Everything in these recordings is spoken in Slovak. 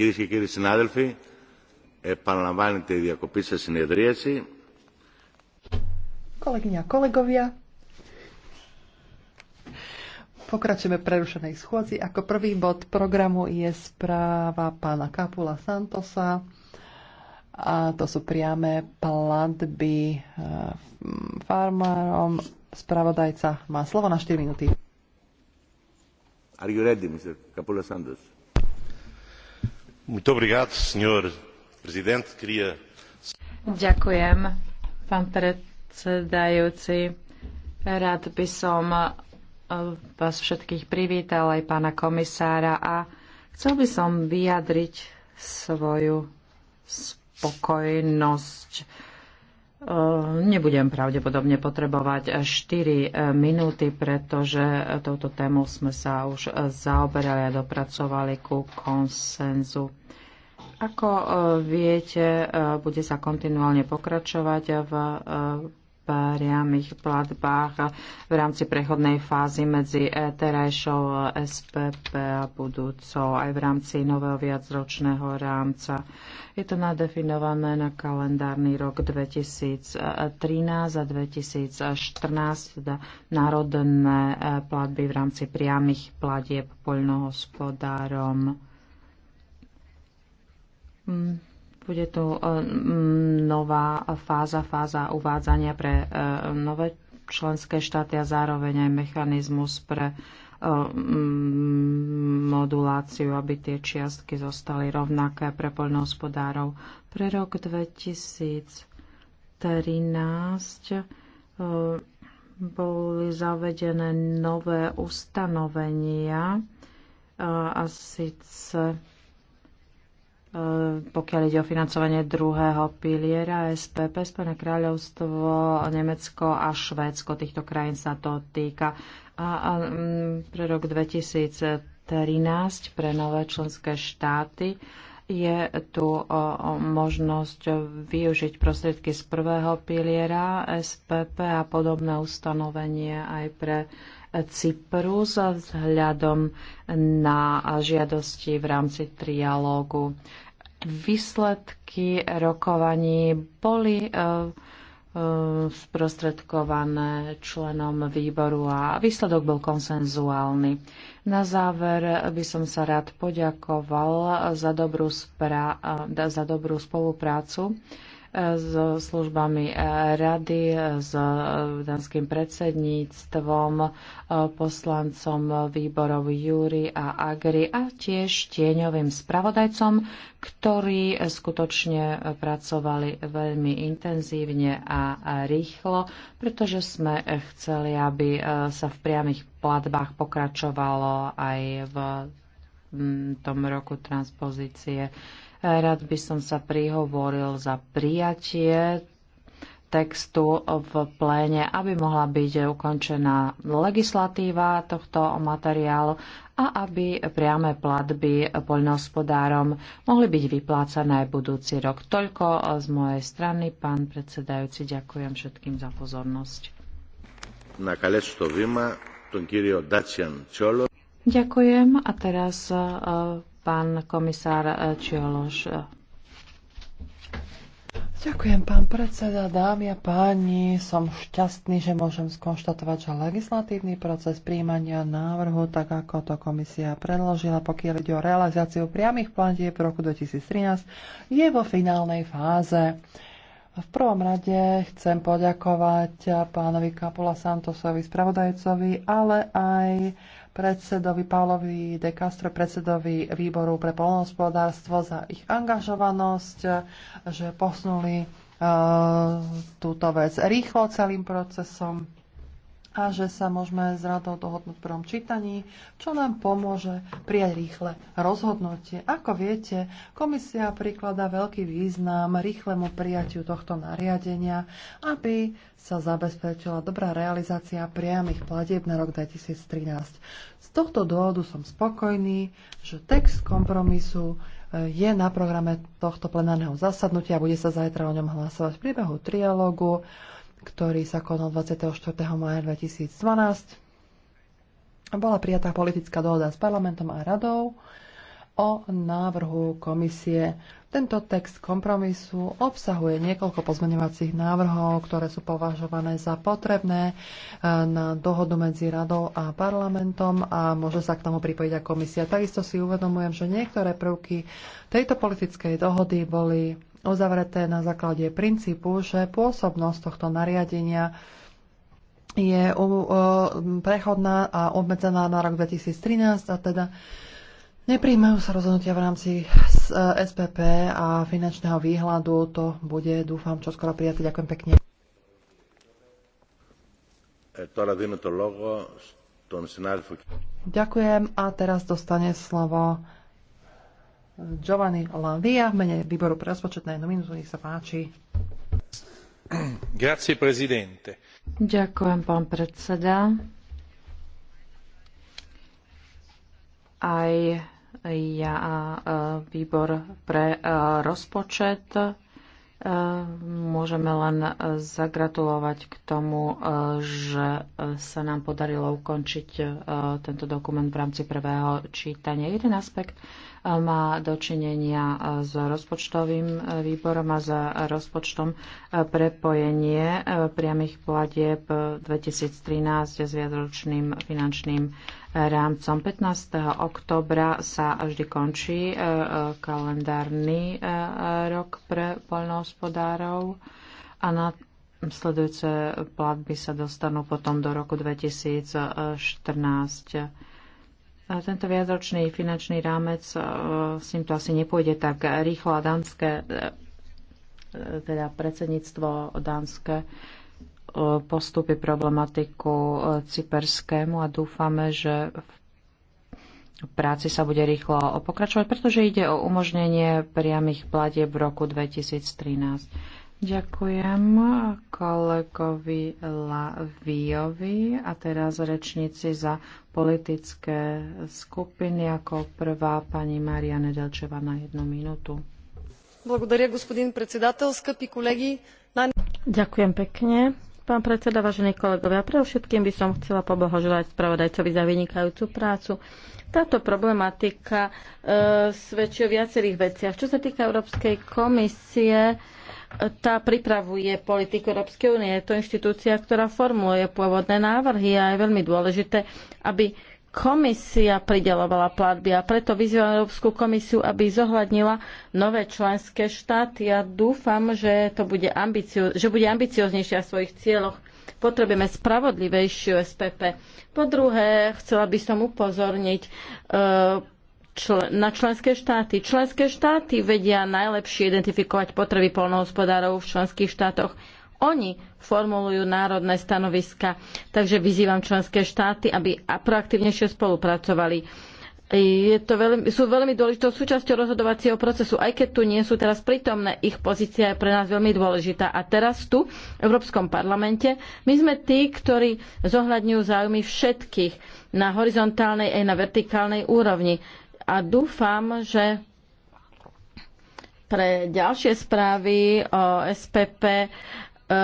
Κυρίες και κύριοι συνάδελφοι, επαναλαμβάνεται η διακοπή σε συνεδρίαση. kolegovia, pokračujeme v prerušenej schôdzi. Ako prvý bod programu je správa pána Kapula Santosa a to sú priame platby eh, farmárom. Spravodajca má slovo na 4 minúty. Are you ready, Mr. Kapula Santos? Ďakujem, pán predsedajúci. Rád by som e, vás všetkých privítal, aj pána komisára a chcel by som vyjadriť svoju spokojnosť Ehm, nebudem pravdepodobne potrebovať 4 eh, eh, minúty, pretože eh, touto tému sme sa už zaoberali a dopracovali ku konsenzu. Ako viete, bude sa kontinuálne pokračovať v priamých platbách v rámci prechodnej fázy medzi terajšou SPP a budúcou aj v rámci nového viacročného rámca. Je to nadefinované na kalendárny rok 2013 a 2014, teda národné e, platby v rámci priamých platieb poľnohospodárom. Hmm bude tu e, nová fáza, fáza uvádzania pre e, nové členské štáty a zároveň aj mechanizmus pre e, moduláciu, aby tie čiastky zostali rovnaké pre poľnohospodárov. Pre rok 2013 boli zavedené nové ustanovenia a síce E, pokiaľ ide o financovanie druhého piliera SPP, Spojené kráľovstvo, Nemecko a Švédsko, týchto krajín sa to týka. A, a mm, pre rok 2013 pre nové členské štáty je tu možnosť využiť prostriedky z prvého piliera SPP a podobné ustanovenie aj pre Cyprus vzhľadom na žiadosti v rámci trialógu. Výsledky rokovaní boli eh, eh, sprostredkované členom výboru a výsledok bol konsenzuálny. Na záver by som sa rád poďakoval za dobrú, spra- eh, za dobrú spoluprácu so službami eh, rady, eh, s eh, danským predsedníctvom, poslancom výborov Júri a Agri a tiež tieňovým spravodajcom, ktorí skutočne pracovali veľmi intenzívne a rýchlo, pretože sme chceli, aby sa v priamých platbách pokračovalo aj v mm, tom roku transpozície Rád by som sa prihovoril za prijatie textu v pléne, aby mohla byť ukončená legislatíva tohto materiálu a aby priame platby poľnohospodárom mohli byť vyplácané budúci rok. Toľko z mojej strany, pán predsedajúci, ďakujem všetkým za pozornosť. Na to vyma, Ďakujem a teraz pán komisár e, Čiološ. Ďakujem, pán predseda, dámy a páni. Som šťastný, že môžem skonštatovať, že legislatívny proces príjmania návrhu, tak ako to komisia predložila, pokiaľ ide o realizáciu priamých platieb v roku 2013, je vo finálnej fáze. V prvom rade chcem poďakovať pánovi Kapula Santosovi, spravodajcovi, ale aj predsedovi Pavlovi de Castro, predsedovi výboru pre polnohospodárstvo za ich angažovanosť, že posunuli eh, túto vec rýchlo celým procesom a že sa môžeme s radou dohodnúť v prvom čítaní, čo nám pomôže prijať rýchle rozhodnutie. Ako viete, komisia prikladá veľký význam rýchlemu prijatiu tohto nariadenia, aby sa zabezpečila dobrá realizácia priamých platieb na rok 2013. Z tohto dôvodu som spokojný, že text kompromisu eh, je na programe tohto plenárneho zasadnutia a bude sa zajtra o ňom hlasovať v priebehu trialógu ktorý sa konal 24. maja 2012. Bola prijatá politická dohoda s parlamentom a radou o návrhu komisie. Tento text kompromisu obsahuje niekoľko pozmeňovacích návrhov, ktoré sú považované za potrebné eh, na dohodu medzi radou a parlamentom a môže sa k tomu pripojiť aj komisia. Takisto si uvedomujem, že niektoré prvky tejto politickej dohody boli uzavreté na základe princípu, že pôsobnosť tohto nariadenia je prechodná a obmedzená na rok 2013 a teda nepríjmajú sa rozhodnutia v rámci SPP e, a finančného výhľadu. To bude, dúfam, čo skoro prijaté. Ďakujem pekne. E, Ďakujem a teraz dostane slovo Giovanni Lavia v mene výboru pre rozpočetné na Nech sa páči. Grazie, prezidente. Ďakujem, pán predseda. Aj ja a e, výbor pre e, rozpočet e, Môžeme len zagratulovať k tomu, že sa nám podarilo ukončiť tento dokument v rámci prvého čítania. Jeden aspekt má dočinenia e, s rozpočtovým e, výborom a s rozpočtom e, prepojenie priamých platieb 2013 s viacročným finančným rámcom. 15. oktobra sa vždy končí kalendárny rok pre poľnohospodárov a na sledujúce platby sa dostanú potom do roku 2014. Tento viacročný finančný rámec, e, s ním to asi nepôjde tak rýchlo a dánske, e, e, teda predsedníctvo dánske postupy problematiku cyperskému a dúfame, že v práci sa bude rýchlo pokračovať, pretože ide o umožnenie priamých platieb v roku 2013. Ďakujem kolegovi Laviovi a teraz rečníci za politické skupiny ako prvá pani Maria Nedelčeva na jednu minútu. Ďakujem pekne. Pán predseda, vážení kolegovia, pre všetkým by som chcela pobohožovať spravodajcovi za vynikajúcu prácu. Táto problematika e, svedčí o viacerých veciach. Čo sa týka Európskej komisie, tá pripravuje politiku Európskej únie. Je to inštitúcia, ktorá formuluje pôvodné návrhy a je veľmi dôležité, aby komisia pridelovala platby a preto vyzývala Európsku komisiu, aby zohľadnila nové členské štáty. Ja dúfam, že, to bude, ambicio- že bude ambicioznejšia v svojich cieľoch. Potrebujeme spravodlivejšiu SPP. Po druhé, chcela by som upozorniť e, čl- na členské štáty. Členské štáty vedia najlepšie identifikovať potreby polnohospodárov v členských štátoch. Oni formulujú národné stanoviska, takže vyzývam členské štáty, aby proaktívnejšie spolupracovali. Je to veľmi, sú veľmi dôležitou súčasťou rozhodovacieho procesu, aj keď tu nie sú teraz prítomné, ich pozícia je pre nás veľmi dôležitá. A teraz tu, v Európskom parlamente, my sme tí, ktorí zohľadňujú záujmy všetkých na horizontálnej aj na vertikálnej úrovni a dúfam, že pre ďalšie správy o SPP e, e,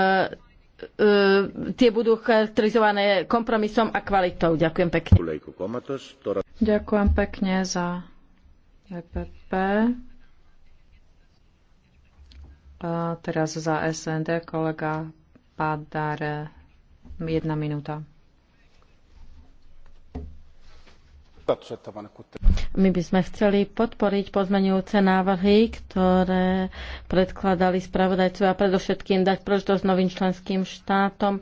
tie budú charakterizované kompromisom a kvalitou. Ďakujem pekne. Ďakujem pekne za EPP. A teraz za SND kolega Padar. Jedna minúta. My by sme chceli podporiť pozmenujúce návrhy, ktoré predkladali spravodajcu a predovšetkým dať príležitosť novým členským štátom e,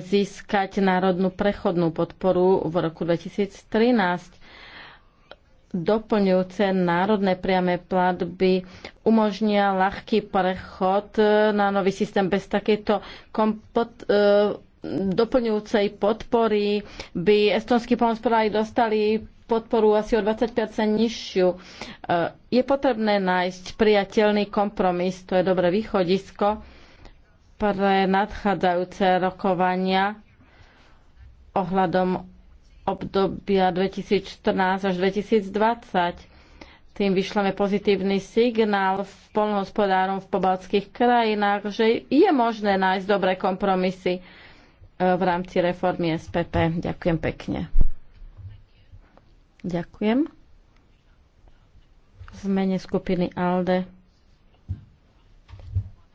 získať národnú prechodnú podporu v roku 2013 doplňujúce národné priame platby umožnia ľahký prechod e, na nový systém bez takejto kompot, e, doplňujúcej podpory by estonskí pomospodári dostali podporu asi o 20 nižšiu. E, je potrebné nájsť priateľný kompromis, to je dobré východisko pre nadchádzajúce rokovania ohľadom obdobia 2014 až 2020. Tým vyšleme pozitívny signál spolnohospodárom v pobaltských krajinách, že je možné nájsť dobré kompromisy e, v rámci reformy SPP. Ďakujem pekne. Ďakujem. V mene skupiny ALDE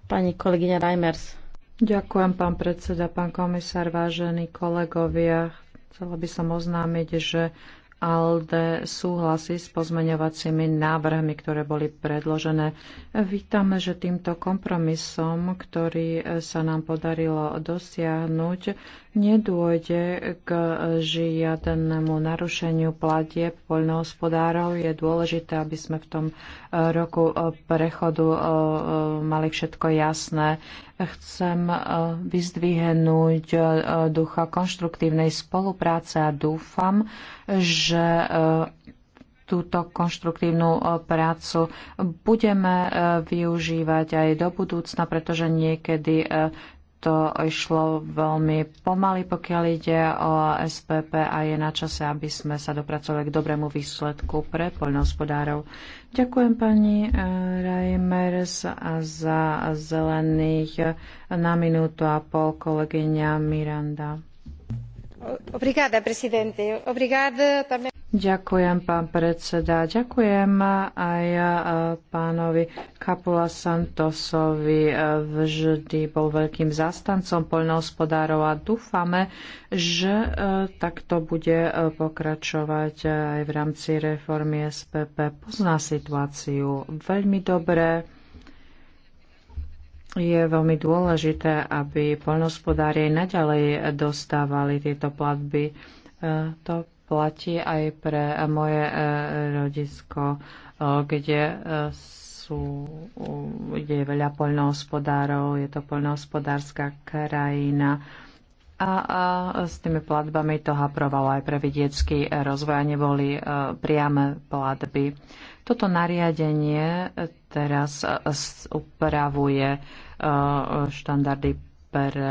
pani kolegyňa Reimers. Ďakujem, pán predseda, pán komisár, vážení kolegovia. Chcela by som oznámiť, že ALDE súhlasí s pozmeňovacími návrhmi, ktoré boli predložené. Vítame, že týmto kompromisom, ktorý e, sa nám podarilo dosiahnuť, nedôjde k žiadnemu narušeniu platie poľnohospodárov. Je dôležité, aby sme v tom e, roku e, prechodu mali všetko jasné. Chcem e, vyzdvihnúť e, ducha konštruktívnej spolupráce a dúfam, že e, túto konštruktívnu prácu budeme využívať aj do budúcna, pretože niekedy to išlo veľmi pomaly, pokiaľ ide o SPP a je na čase, aby sme sa dopracovali k dobrému výsledku pre poľnohospodárov. Ďakujem pani eh, Reimers a za zelených eh, na minútu a pol kolegyňa Miranda. Obrigada, presidente. Obrigada também. Ďakujem, pán predseda. Ďakujem aj e, pánovi Kapula Santosovi. E, vždy bol veľkým zastancom poľnohospodárov a dúfame, že e, takto bude pokračovať aj v rámci reformy SPP. Pozná situáciu veľmi dobre. Je veľmi dôležité, aby poľnohospodári naďalej dostávali tieto platby. To platí aj pre moje e, rodisko, e, kde e, sú, je veľa poľnohospodárov, je to poľnohospodárska krajina. A, a s tými platbami to haprovalo aj pre vidiecký rozvoj a neboli priame platby. Toto nariadenie teraz upravuje štandardy pre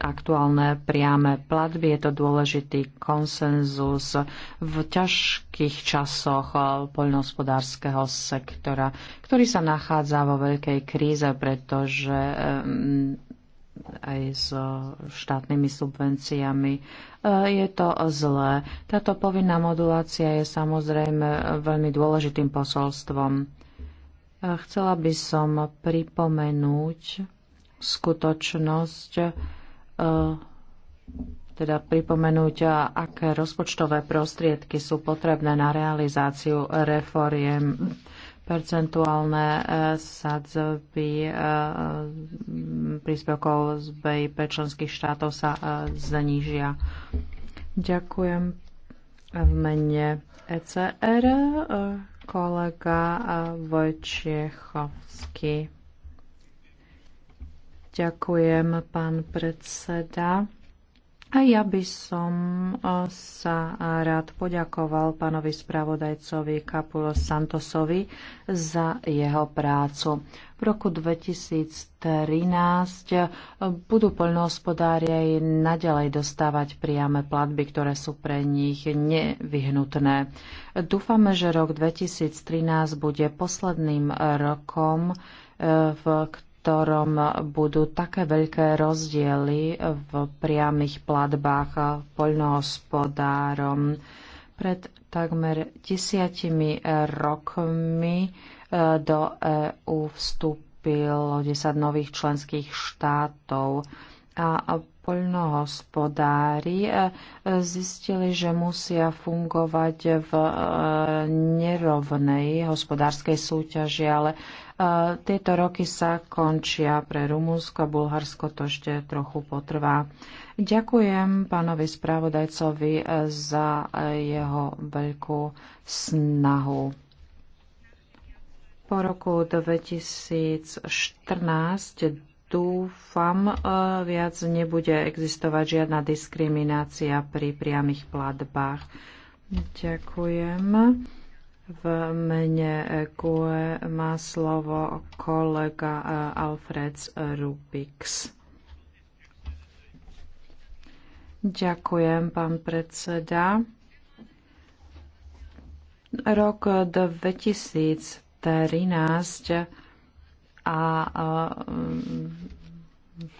aktuálne priame platby. Je to dôležitý konsenzus v ťažkých časoch poľnohospodárskeho sektora, ktorý sa nachádza vo veľkej kríze, pretože mm, aj s štátnymi subvenciami. E, je to zlé. Táto povinná modulácia je samozrejme veľmi dôležitým posolstvom. E, chcela by som pripomenúť skutočnosť, Eh, teda pripomenúť, aké rozpočtové prostriedky sú potrebné na realizáciu reforiem percentuálne eh, sadzby eh, príspevkov z BIP členských štátov sa znížia. Ďakujem v mene ECR kolega Vojčiechovský. Ďakujem, pán predseda. A ja by som e, sa rád poďakoval pánovi spravodajcovi Kapulo Santosovi za jeho prácu. V roku 2013 e, budú poľnohospodári aj naďalej dostávať priame platby, ktoré sú pre nich nevyhnutné. Dúfame, že rok 2013 bude posledným rokom, e, v ktorom budú také veľké rozdiely v priamých platbách poľnohospodárom. Pred takmer desiatimi rokmi e, do EÚ vstúpilo 10 nových členských štátov a poľnohospodári e, zistili, že musia fungovať v e, nerovnej hospodárskej súťaži, ale e, tieto roky sa končia pre Rumunsko a Bulharsko to ešte trochu potrvá. Ďakujem pánovi spravodajcovi e, za e, jeho veľkú snahu. Po roku 2014 dúfam, viac nebude existovať žiadna diskriminácia pri priamých platbách. Ďakujem. V mene GUE má slovo kolega eh, Alfred Rubiks. Ďakujem, pán predseda. Rok 2013 a eh,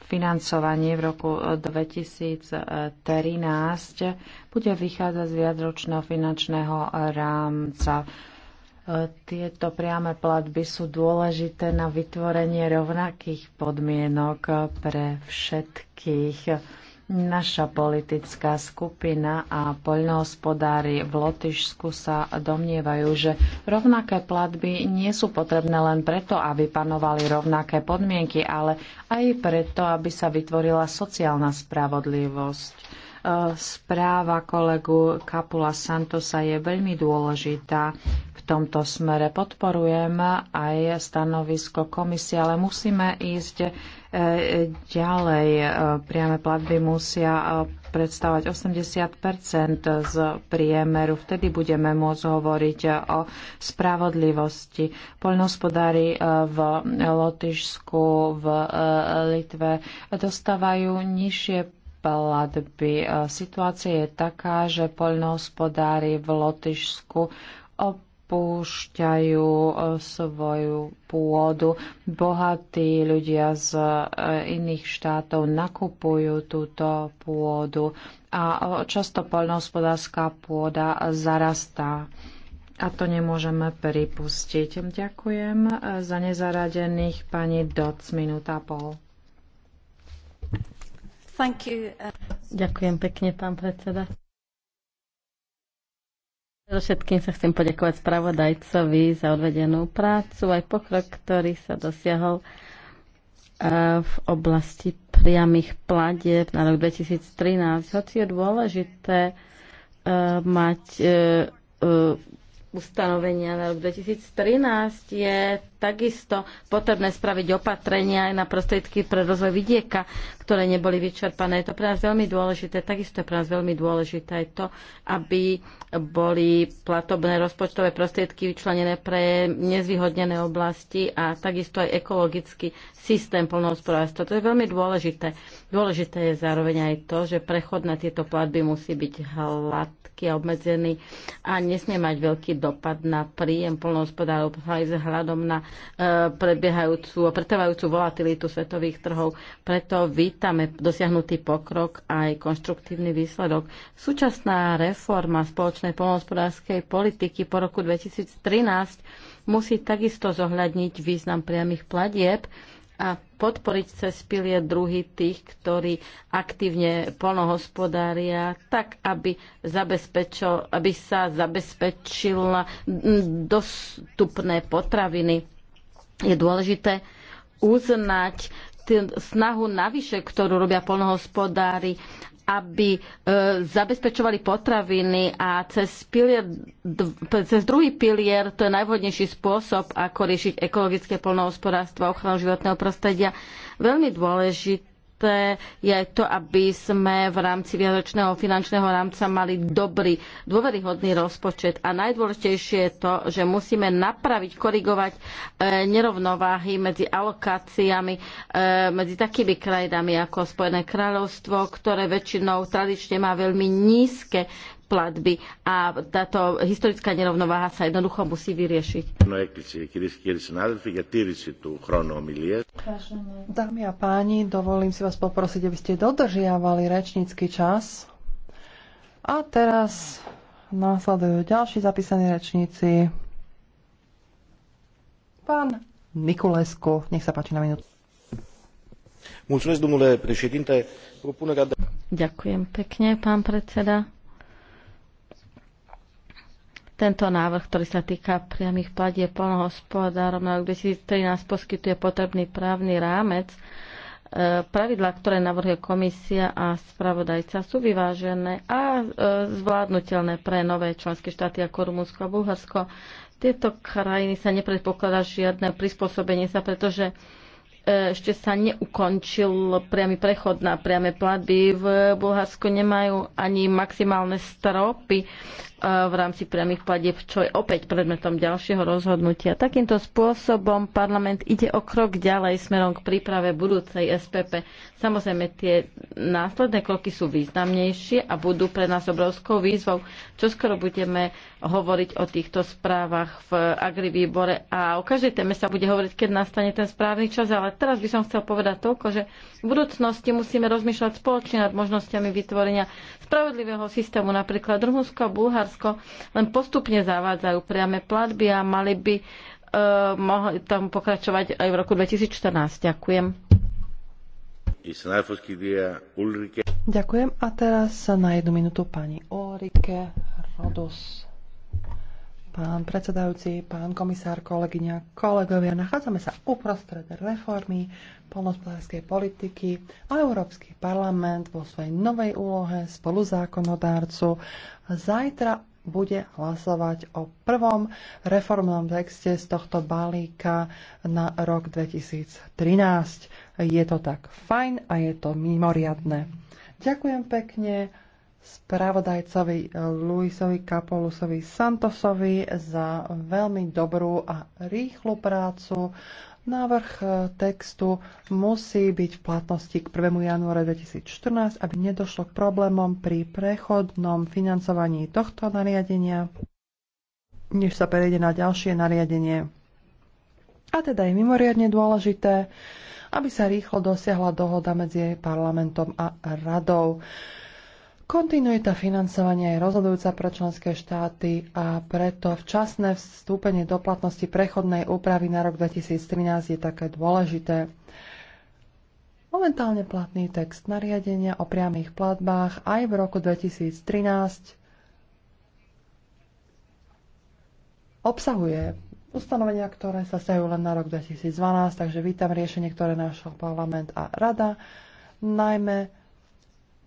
financovanie v roku 2013 eh, bude vychádzať z viacročného finančného eh, rámca. Eh, tieto priame platby sú dôležité na vytvorenie rovnakých podmienok pre všetkých Naša politická skupina a poľnohospodári v Lotyšsku sa domnievajú, že rovnaké platby nie sú potrebné len preto, aby panovali rovnaké podmienky, ale aj preto, aby sa vytvorila sociálna spravodlivosť. E, správa kolegu Kapula Santosa je veľmi dôležitá tomto smere. Podporujem aj stanovisko komisie, ale musíme ísť e, ďalej. E, priame platby musia e, predstavať 80 z priemeru. Vtedy budeme môcť hovoriť o spravodlivosti. Poľnohospodári v Lotyšsku, v Litve dostávajú nižšie platby. Situácia je taká, že poľnohospodári v Lotyšsku opúšťajú e, svoju pôdu. Bohatí ľudia z e, iných štátov nakupujú túto pôdu a e, často poľnohospodárska pôda zarastá. A to nemôžeme pripustiť. Ďakujem za nezaradených pani Doc, minúta pol. Ďakujem pekne, pán predseda. Všetkým sa chcem poďakovať spravodajcovi za odvedenú prácu, aj pokrok, ktorý sa dosiahol e, v oblasti priamých platieb na rok 2013. Hoci je dôležité e, mať e, ustanovenia na rok 2013, je takisto potrebné spraviť opatrenia aj na prostriedky pre rozvoj vidieka, ktoré neboli vyčerpané. Je to pre nás veľmi dôležité. Takisto je pre nás veľmi dôležité aj to, aby boli platobné rozpočtové prostriedky vyčlenené pre nezvýhodnené oblasti a takisto aj ekologický systém plnohospodárstva. To je veľmi dôležité. Dôležité je zároveň aj to, že prechod na tieto platby musí byť hladký a obmedzený a nesmie mať veľký dopad na príjem plnohospodárov aj vzhľadom na prebiehajúcu a pretrvajúcu volatilitu svetových trhov. Preto vítame dosiahnutý pokrok aj konštruktívny výsledok. Súčasná reforma spoločnej polnohospodárskej politiky po roku 2013 musí takisto zohľadniť význam priamých platieb a podporiť cez pilie druhy tých, ktorí aktívne polnohospodária, tak aby, aby sa zabezpečila dostupné potraviny je dôležité uznať snahu navyše, ktorú robia polnohospodári, aby e, zabezpečovali potraviny a cez, pilier, cez druhý pilier to je najvhodnejší spôsob, ako riešiť ekologické polnohospodárstvo a ochranu životného prostredia. Veľmi dôležité dôležité je aj to, aby sme v rámci vianočného finančného rámca mali dobrý, dôveryhodný rozpočet. A najdôležitejšie je to, že musíme napraviť, korigovať e, nerovnováhy medzi alokáciami, e, medzi takými krajinami ako Spojené kráľovstvo, ktoré väčšinou tradične má veľmi nízke platby a táto historická nerovnováha sa jednoducho musí vyriešiť. No, Dámy a páni, dovolím si vás poprosiť, aby ste dodržiavali rečnícky čas. A teraz následujú ďalší zapísaní rečníci. Pán Nikulescu, nech sa páči na minútu. Ďakujem pekne, pán predseda tento návrh, ktorý sa týka priamých platie polnohospodárom na rok 2013 poskytuje potrebný právny rámec. E, pravidlá, ktoré navrhuje komisia a spravodajca, sú vyvážené a e, zvládnutelné pre nové členské štáty ako Rumunsko a Bulharsko. Tieto krajiny sa nepredpokladá žiadne prispôsobenie sa, pretože e, ešte sa neukončil priamy prechod na priame platby. V Bulharsku nemajú ani maximálne stropy v rámci priamých pladeb, čo je opäť predmetom ďalšieho rozhodnutia. Takýmto spôsobom parlament ide o krok ďalej smerom k príprave budúcej SPP. Samozrejme, tie následné kroky sú významnejšie a budú pre nás obrovskou výzvou. Čo skoro budeme hovoriť o týchto správach v agrivýbore a o každej téme sa bude hovoriť, keď nastane ten správny čas, ale teraz by som chcel povedať toľko, že v budúcnosti musíme rozmýšľať spoločne nad možnosťami vytvorenia spravodlivého systému, napríklad Rumunsko a Bulharsko Maďarsko len postupne zavádzajú priame platby a mali by e, mohli tam pokračovať aj v roku 2014. Ďakujem. Ďakujem a teraz na jednu minútu pani Ulrike Rodos pán predsedajúci, pán komisár, kolegyňa, kolegovia. Nachádzame sa uprostred reformy polnospodárskej politiky a Európsky parlament vo svojej novej úlohe spoluzákonodárcu zajtra bude hlasovať o prvom reformnom texte z tohto balíka na rok 2013. Je to tak fajn a je to mimoriadne. Ďakujem pekne spravodajcovi eh, Luisovi Kapolusovi Santosovi za veľmi dobrú a rýchlu prácu. Návrh eh, textu musí byť v platnosti k 1. januára 2014, aby nedošlo k problémom pri prechodnom financovaní tohto nariadenia, než sa prejde na ďalšie nariadenie. A teda je mimoriadne dôležité, aby sa rýchlo dosiahla dohoda medzi parlamentom a radou. Kontinuita financovania je rozhodujúca pre členské štáty a preto včasné vstúpenie do platnosti prechodnej úpravy na rok 2013 je také dôležité. Momentálne platný text nariadenia o priamých platbách aj v roku 2013 obsahuje ustanovenia, ktoré sa stajú len na rok 2012, takže vítam riešenie, ktoré našiel parlament a rada, najmä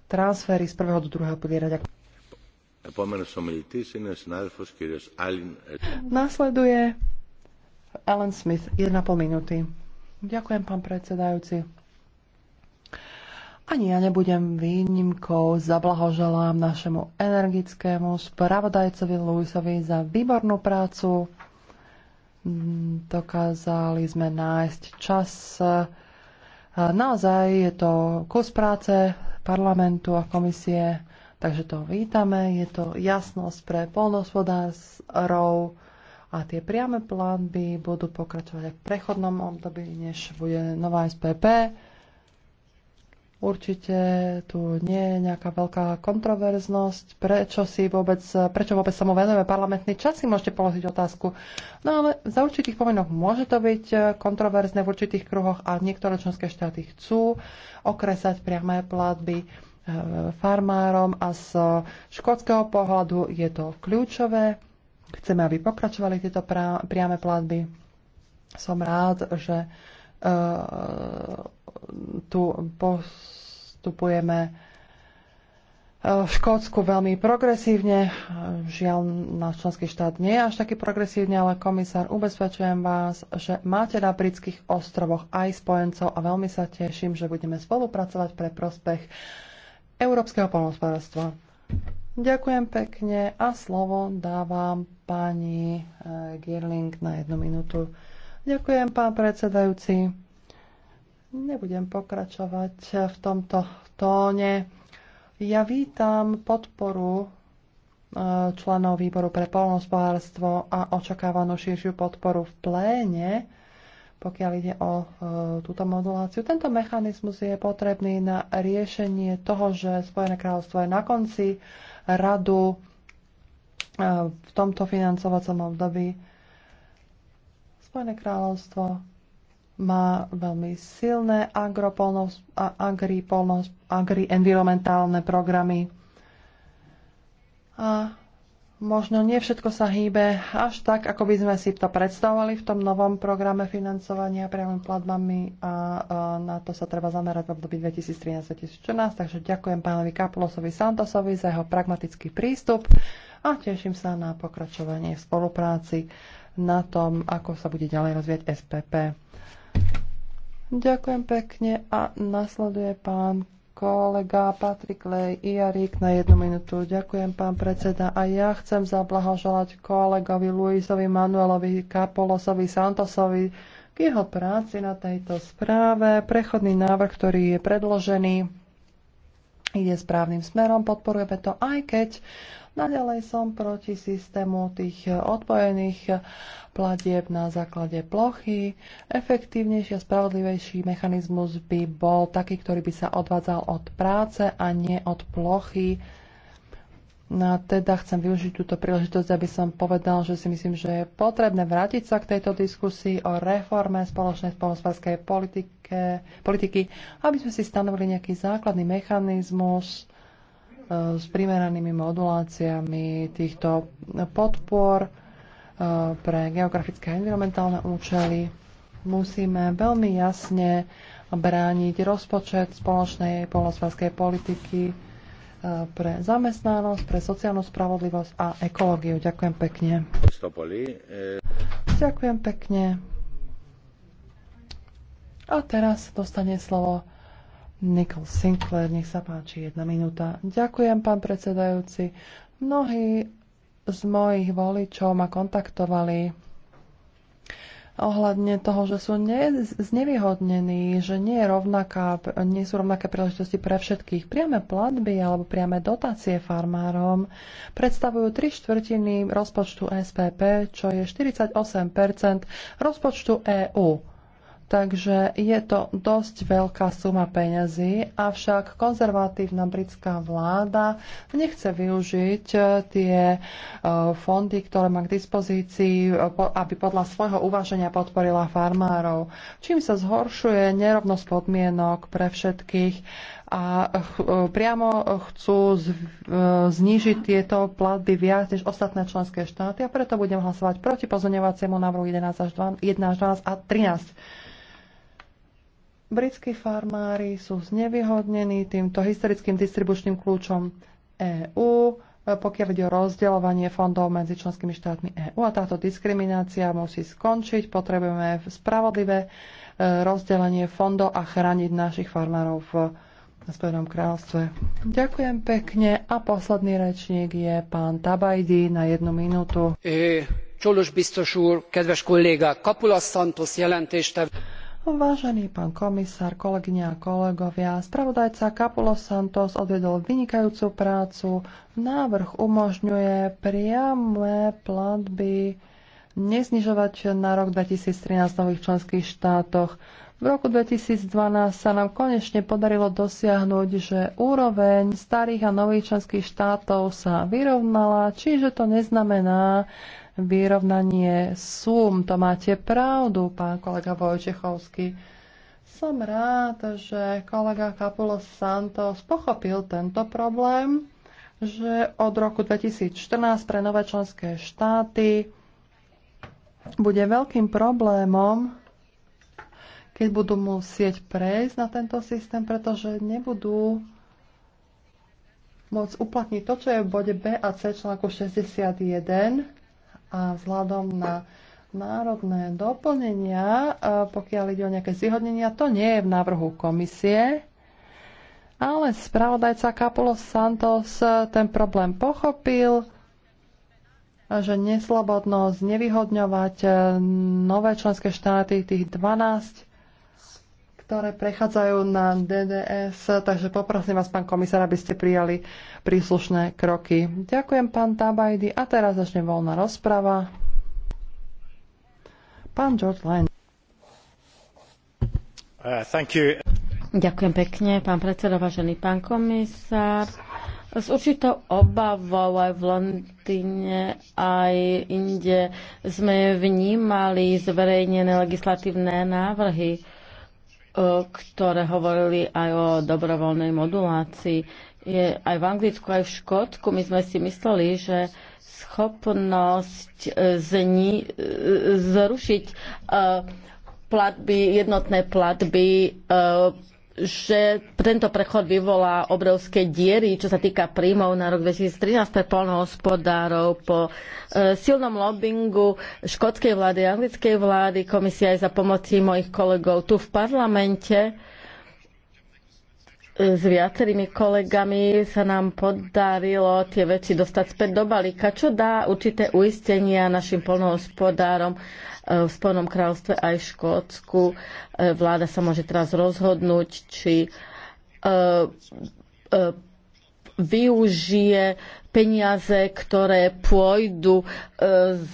transfery z prvého do druhého piliera. Nasleduje Alan Smith, 1,5 minúty. Ďakujem, pán predsedajúci. Ani ja nebudem výnimkou, zablahoželám našemu energickému spravodajcovi Luisovi za výbornú prácu. Dokázali sme nájsť čas. Naozaj je to kus práce, parlamentu a komisie. Takže to vítame, je to jasnosť pre polnospodárov a tie priame plány budú pokračovať aj v prechodnom období, než bude nová SPP. Určite tu nie je nejaká veľká kontroverznosť, prečo, si vôbec, prečo vôbec sa mu venujeme parlamentný čas, si môžete položiť otázku. No ale za určitých pomenoch môže to byť kontroverzne v určitých kruhoch a niektoré členské štáty chcú okresať priame platby e, farmárom a z škótskeho pohľadu je to kľúčové. Chceme, aby pokračovali tieto priame platby. Som rád, že Eh, tu postupujeme eh, v Škótsku veľmi progresívne. Žiaľ, náš členský štát nie je až taký progresívne, ale komisár, ubezpečujem vás, že máte na britských ostrovoch aj spojencov a veľmi sa teším, že budeme spolupracovať pre prospech európskeho polnospodárstva. Ďakujem pekne a slovo dávam pani eh, Gierling na jednu minútu. Ďakujem, pán predsedajúci. Nebudem pokračovať v tomto tóne. Ja vítam podporu e, členov výboru pre polnospodárstvo a očakávanú širšiu podporu v pléne, pokiaľ ide o e, túto moduláciu. Tento mechanizmus je potrebný na riešenie toho, že Spojené kráľovstvo je na konci radu e, v tomto financovacom období Spojené kráľovstvo má veľmi silné agri-environmentálne agri programy. A možno nie všetko sa hýbe až tak, ako by sme si to predstavovali v tom novom programe financovania priamými platbami a, na to sa treba zamerať v období 2013-2014. Takže ďakujem pánovi Kapulosovi Santosovi za jeho pragmatický prístup a teším sa na pokračovanie v spolupráci na tom, ako sa bude ďalej rozvíjať SPP. Ďakujem pekne a nasleduje pán kolega Patrik Lej Iarik na jednu minútu. Ďakujem, pán predseda. A ja chcem zablahoželať kolegovi Luisovi Manuelovi Kapolosovi Santosovi k jeho práci na tejto správe. Prechodný návrh, ktorý je predložený, ide správnym smerom, podporujeme to, aj keď naďalej som proti systému tých e, odpojených e, platieb na základe plochy. Efektívnejší a spravodlivejší mechanizmus by bol taký, ktorý by sa odvádzal od práce a nie od plochy No a teda chcem využiť túto príležitosť, aby som povedal, že si myslím, že je potrebné vrátiť sa k tejto diskusii o reforme spoločnej spoločenskej politiky, aby sme si stanovili nejaký základný mechanizmus e, s primeranými moduláciami týchto podpor e, pre geografické a environmentálne účely. Musíme veľmi jasne brániť rozpočet spoločnej polosvarskej politiky pre zamestnanosť, pre sociálnu spravodlivosť a ekológiu. Ďakujem pekne. Ďakujem pekne. A teraz dostane slovo Nikol Sinclair. Nech sa páči, jedna minúta. Ďakujem, pán predsedajúci. Mnohí z mojich voličov ma kontaktovali ohľadne toho, že sú ne, znevýhodnení, že nie, je rovnaká, nie sú rovnaké príležitosti pre všetkých. Priame platby alebo priame dotácie farmárom predstavujú 3 štvrtiny rozpočtu SPP, čo je 48 rozpočtu EÚ. Takže je to dosť veľká suma peňazí, avšak konzervatívna britská vláda nechce využiť eh, tie eh, fondy, ktoré má k dispozícii, eh, aby podľa svojho uvaženia podporila farmárov, čím sa zhoršuje nerovnosť podmienok pre všetkých a priamo chcú znížiť tieto platby viac než ostatné členské štáty a preto budem hlasovať proti pozorňovaciemu návrhu 11 až 12, až 12 a 13. Britskí farmári sú znevýhodnení týmto historickým distribučným kľúčom EÚ, pokiaľ ide o rozdeľovanie fondov medzi členskými štátmi EÚ a táto diskriminácia musí skončiť. Potrebujeme spravodlivé e, rozdelenie fondov a chrániť našich farmárov v Spojenom kráľovstve. Ďakujem pekne a posledný rečník je pán Tabajdi na jednu minútu. Csolos biztos úr, kedves kolléga, Kapulasz Santos Vážený pán komisár, kolegyne a kolegovia, spravodajca Capulo Santos odvedol vynikajúcu prácu. Návrh umožňuje priame platby neznižovať na rok 2013 v nových členských štátoch. V roku 2012 sa nám konečne podarilo dosiahnuť, že úroveň starých a nových členských štátov sa vyrovnala, čiže to neznamená, vyrovnanie sum. To máte pravdu, pán kolega Vojčechovský. Som rád, že kolega Capulo Santos pochopil tento problém, že od roku 2014 pre nové členské štáty bude veľkým problémom, keď budú musieť prejsť na tento systém, pretože nebudú môcť uplatniť to, čo je v bode B a C článku 61, a vzhľadom na národné doplnenia, pokiaľ ide o nejaké zvýhodnenia, to nie je v návrhu komisie, ale spravodajca Kapulos Santos ten problém pochopil, že neslobodnosť nevyhodňovať e, nové členské štáty, tých 12 ktoré prechádzajú na DDS, takže poprosím vás, pán komisár, aby ste prijali príslušné kroky. Ďakujem, pán Tabajdy. A teraz začne voľná rozprava. Pán George Lane. Uh, Ďakujem pekne, pán predseda, vážený pán komisár. S určitou obavou aj v Londýne, aj inde sme vnímali zverejnené legislatívne návrhy E, ktoré hovorili aj o dobrovoľnej modulácii. Je aj v Anglicku, aj v Škótsku my sme si mysleli, že schopnosť e, zni- e, zrušiť platby, jednotné platby že tento prechod vyvolá obrovské diery, čo sa týka príjmov na rok 2013 pre polnohospodárov. Po e, silnom lobbingu škótskej vlády, anglickej vlády, komisia aj za pomoci mojich kolegov tu v parlamente s viacerými kolegami sa nám podarilo tie veci dostať späť do balíka, čo dá určité uistenia našim polnohospodárom e, v Spojenom kráľovstve aj v Škótsku. E, vláda sa môže teraz rozhodnúť, či e, využije peniaze, ktoré pôjdu z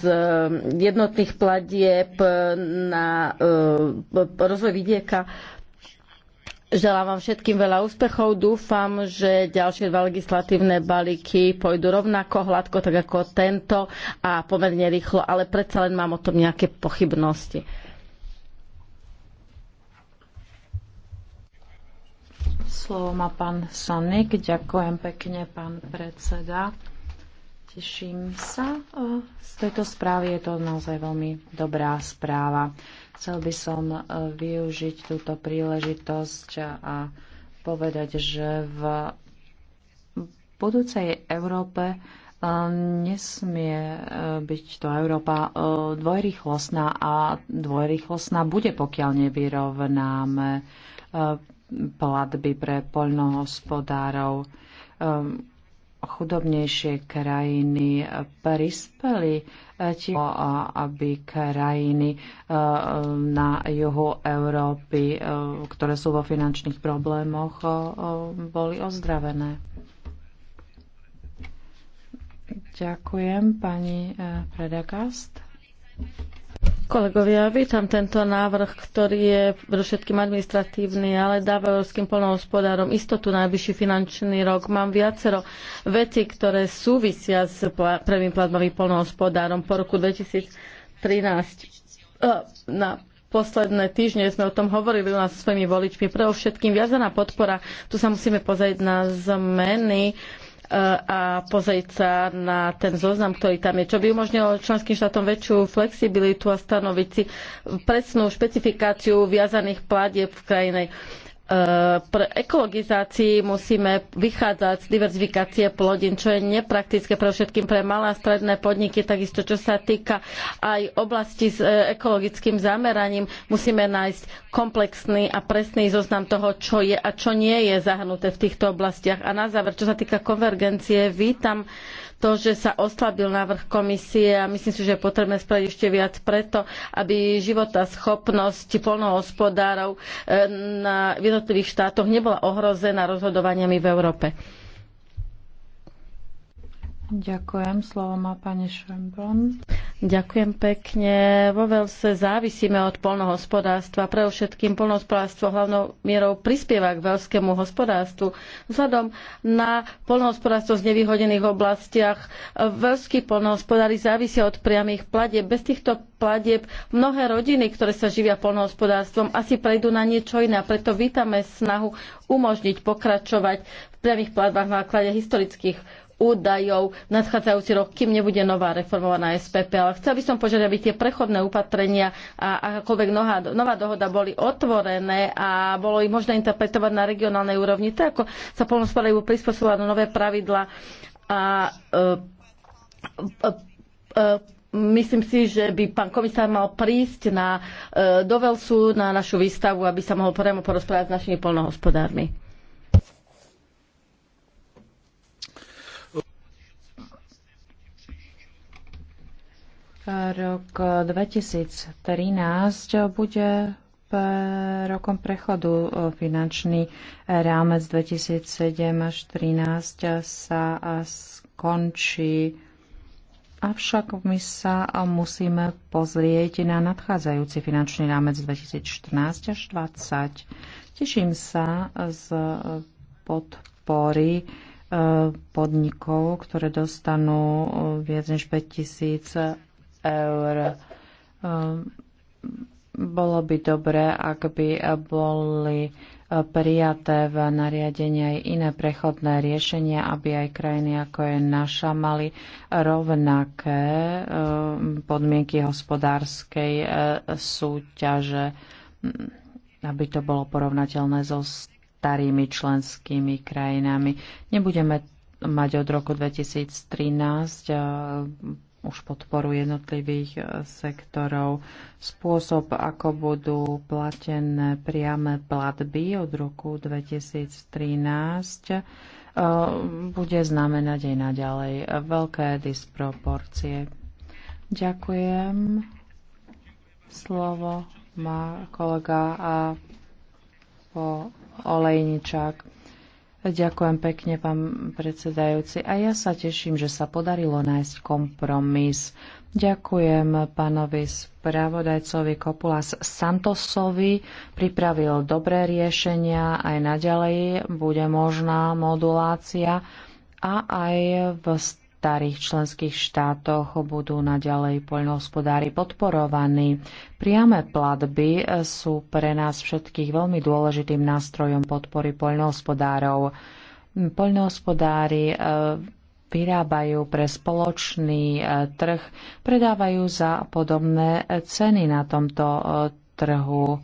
jednotných platieb na rozvoj vidieka Želám vám všetkým veľa úspechov. Dúfam, že ďalšie dva legislatívne balíky pôjdu rovnako hladko, tak ako tento a pomerne rýchlo, ale predsa len mám o tom nejaké pochybnosti. Slovo má pán Sonik. Ďakujem pekne, pán predseda. Teším sa eh, z tejto správy. Je to naozaj veľmi dobrá správa. Chcel by som e, využiť túto príležitosť a povedať, že v budúcej Európe e, nesmie e, byť to Európa dvojrychlostná a dvojrychlostná bude, pokiaľ nevyrovnáme platby pre poľnohospodárov chudobnejšie krajiny prispeli eh, tým, aby krajiny eh, na juhu Európy, eh, ktoré sú vo finančných problémoch, boli ozdravené. Ďakujem, pani Predagast. Kolegovia, vítam tento návrh, ktorý je všetkým administratívny, ale dáva európskym polnohospodárom istotu najvyšší finančný rok. Mám viacero veci, ktoré súvisia s prvým platbovým polnohospodárom po roku 2013. E, na posledné týždne sme o tom hovorili u nás s svojimi voličmi. Pre všetkým viazaná podpora. Tu sa musíme pozrieť na zmeny a pozrieť sa na ten zoznam, ktorý tam je, čo by umožnilo členským štátom väčšiu flexibilitu a stanoviť si presnú špecifikáciu viazaných platieb v krajine. Eh, pre ekologizácii musíme vychádzať z diverzifikácie plodín, čo je nepraktické pre všetkým pre malé a stredné podniky, takisto čo sa týka aj oblasti s eh, ekologickým zameraním, musíme nájsť komplexný a presný zoznam toho, čo je a čo nie je zahrnuté v týchto oblastiach. A na záver, čo sa týka konvergencie, vítam to, že sa oslabil návrh komisie a myslím si, že je potrebné spraviť ešte viac preto, aby života schopnosť polnohospodárov eh, na jednotlivých štátoch nebola ohrozená rozhodovaniami v Európe. Ďakujem. Slovo má pani Šembrun. Ďakujem pekne. Vo Velse závisíme od polnohospodárstva. Pre všetkým polnohospodárstvo hlavnou mierou prispieva k veľskému hospodárstvu. Vzhľadom na polnohospodárstvo v nevyhodených oblastiach veľskí polnohospodári závisia od priamých platieb. Bez týchto platieb mnohé rodiny, ktoré sa živia polnohospodárstvom, asi prejdú na niečo iné. Preto vítame snahu umožniť pokračovať v priamých platbách na základe historických údajov nadchádzajúci rok, kým nebude nová reformovaná SPP. Ale chcel by som požiadať, aby tie prechodné upatrenia a akákoľvek nová, nová dohoda boli otvorené a bolo ich možné interpretovať na regionálnej úrovni, tak ako sa polnospodajú prispôsobovať nové pravidla a e, e, e, myslím si, že by pán komisár mal prísť na, e, do Velsu na našu výstavu, aby sa mohol priamo porozprávať s našimi polnohospodármi. Rok 2013 bude rokom prechodu finančný rámec 2007 až 2013 sa skončí. Avšak my sa musíme pozrieť na nadchádzajúci finančný rámec 2014 až 2020. Teším sa z podpory e, podnikov, ktoré dostanú e, viac než 5000 eur. Ehm, bolo by dobré, ak by boli e, prijaté v nariadení aj iné prechodné riešenia, aby aj krajiny ako je naša mali rovnaké ehm, podmienky hospodárskej e, súťaže, aby to bolo porovnateľné so starými členskými krajinami. Nebudeme mať od roku 2013 už podporu jednotlivých e, sektorov. Spôsob, ako budú platené priame platby od roku 2013, e, bude znamenať aj naďalej veľké disproporcie. Ďakujem. Slovo má kolega a po Olejničák. Ďakujem pekne, pán predsedajúci. A ja sa teším, že sa podarilo nájsť kompromis. Ďakujem pánovi spravodajcovi Kopulas Santosovi. Pripravil dobré riešenia. Aj naďalej bude možná modulácia a aj v starých členských štátoch budú naďalej poľnohospodári podporovaní. Priame platby sú pre nás všetkých veľmi dôležitým nástrojom podpory poľnohospodárov. Poľnohospodári e, vyrábajú pre spoločný e, trh, predávajú za podobné ceny na tomto e, trhu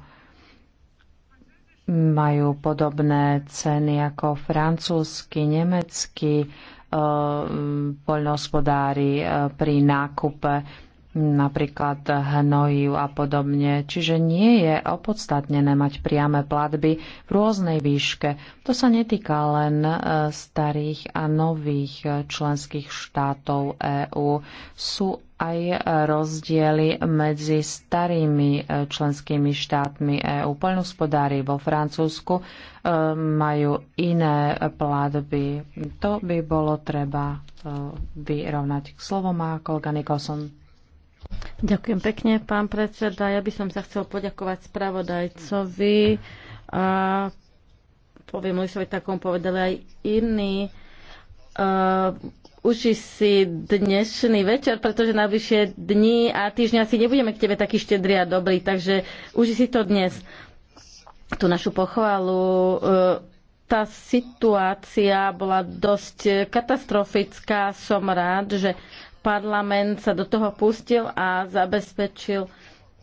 majú podobné ceny ako francúzsky, nemecký Eh, poľnohospodári eh, pri nákupe napríklad hnojiv a podobne. Čiže nie je opodstatnené mať priame platby v rôznej výške. To sa netýka len eh, starých a nových členských štátov EÚ. Sú aj rozdiely medzi starými e, členskými štátmi EÚ. Poľnohospodári vo Francúzsku e, majú iné platby. To by bolo treba e, vyrovnať. K slovom má kolega Nikolson. Ďakujem pekne, pán predseda. Ja by som sa chcel poďakovať spravodajcovi a poviem Lisovi, tak povedali aj iní uži si dnešný večer, pretože najbližšie dni a týždňa si nebudeme k tebe taký štedrý a dobrý, takže uži si to dnes. Tú našu pochvalu e, tá situácia bola dosť katastrofická. Som rád, že parlament sa do toho pustil a zabezpečil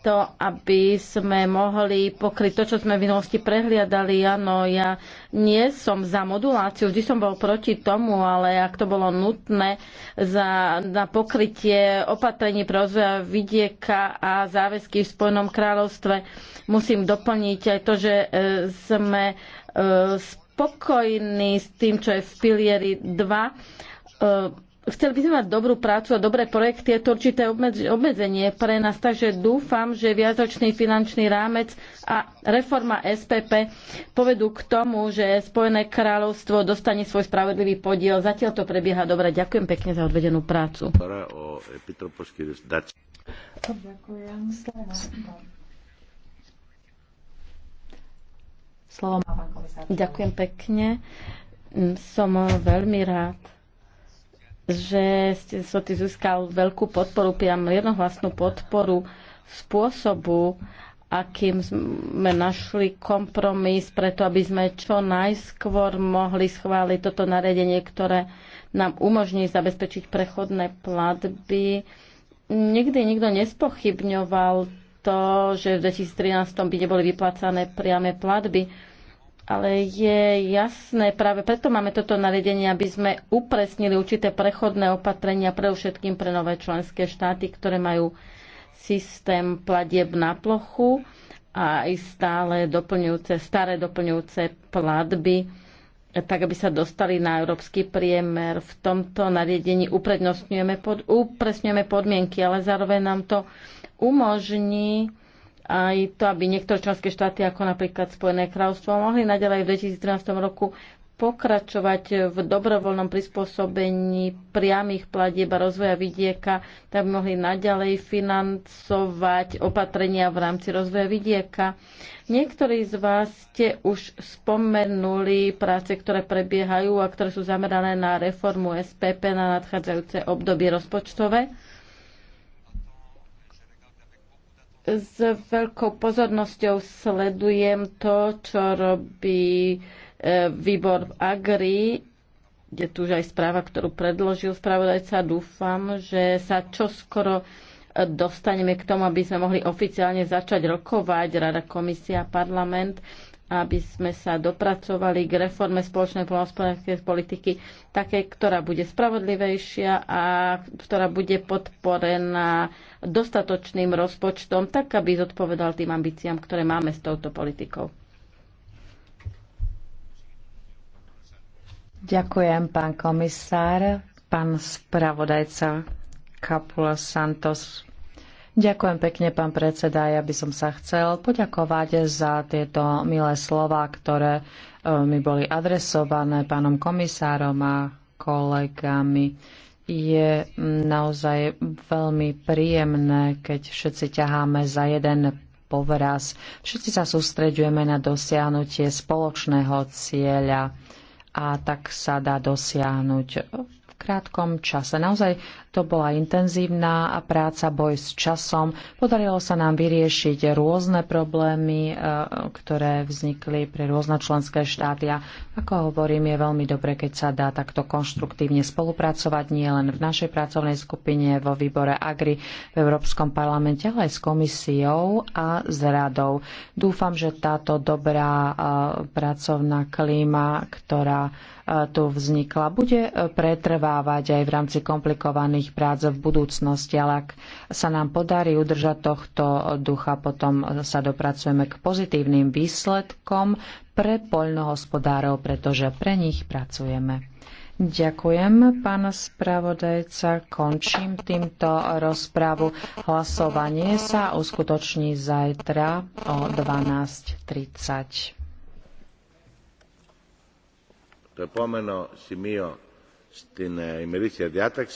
to, aby sme mohli pokryť to, čo sme v minulosti prehliadali. Áno, ja nie som za moduláciu, vždy som bol proti tomu, ale ak to bolo nutné za, na pokrytie opatrení pre rozvoja vidieka a záväzky v Spojenom kráľovstve, musím doplniť aj to, že e, sme e, spokojní s tým, čo je v pilieri 2. E, chceli by sme mať dobrú prácu a dobré projekty, je to určité obmedzenie pre nás, takže dúfam, že viacročný finančný rámec a reforma SPP povedú k tomu, že Spojené kráľovstvo dostane svoj spravodlivý podiel. Zatiaľ to prebieha dobre. Ďakujem pekne za odvedenú prácu. Ďakujem. Slovo má pán komisár. Ďakujem pekne. Som veľmi rád že ste so ty získal veľkú podporu, priam jednohlasnú podporu spôsobu, akým sme našli kompromis preto, aby sme čo najskôr mohli schváliť toto nariadenie, ktoré nám umožní zabezpečiť prechodné platby. Nikdy nikto nespochybňoval to, že v 2013 by neboli vyplácané priame platby ale je jasné, práve preto máme toto nariadenie, aby sme upresnili určité prechodné opatrenia pre všetkým pre nové členské štáty, ktoré majú systém platieb na plochu a aj stále doplňujúce, staré doplňujúce platby, tak aby sa dostali na európsky priemer. V tomto nariadení uprednostňujeme pod, upresňujeme podmienky, ale zároveň nám to umožní aj to, aby niektoré členské štáty, ako napríklad Spojené kráľovstvo, mohli naďalej v 2013 roku pokračovať v dobrovoľnom prispôsobení priamých platieb a rozvoja vidieka, tak by mohli naďalej financovať opatrenia v rámci rozvoja vidieka. Niektorí z vás ste už spomenuli práce, ktoré prebiehajú a ktoré sú zamerané na reformu SPP na nadchádzajúce obdobie rozpočtové S veľkou pozornosťou sledujem to, čo robí e, výbor Agri. Je tu už aj správa, ktorú predložil spravodajca. Dúfam, že sa čoskoro e, dostaneme k tomu, aby sme mohli oficiálne začať rokovať Rada, Komisia, Parlament aby sme sa dopracovali k reforme spoločnej poľnohospodárskej politiky, také, ktorá bude spravodlivejšia a ktorá bude podporená dostatočným rozpočtom, tak aby zodpovedal tým ambíciám, ktoré máme s touto politikou. Ďakujem, pán komisár, pán spravodajca Kapula Santos. Ďakujem pekne, pán predseda. Ja by som sa chcel poďakovať za tieto milé slova, ktoré e, mi boli adresované pánom komisárom a kolegami. Je naozaj veľmi príjemné, keď všetci ťaháme za jeden povraz. Všetci sa sústreďujeme na dosiahnutie spoločného cieľa a tak sa dá dosiahnuť krátkom čase. Naozaj to bola intenzívna práca, boj s časom. Podarilo sa nám vyriešiť rôzne problémy, e, ktoré vznikli pre rôzne členské štáty. A ako hovorím, je veľmi dobre, keď sa dá takto konštruktívne spolupracovať nie len v našej pracovnej skupine, vo výbore AGRI v Európskom parlamente, ale aj s komisiou a s radou. Dúfam, že táto dobrá e, pracovná klíma, ktorá tu vznikla, bude e, pretrvávať aj v rámci komplikovaných prác v budúcnosti, ale ak sa nám podarí udržať tohto ducha, potom sa dopracujeme k pozitívnym výsledkom pre poľnohospodárov, pretože pre nich pracujeme. Ďakujem, pán spravodajca. Končím týmto rozpravu. Hlasovanie sa uskutoční zajtra o 12.30 το επόμενο σημείο στην ημερήσια διάταξη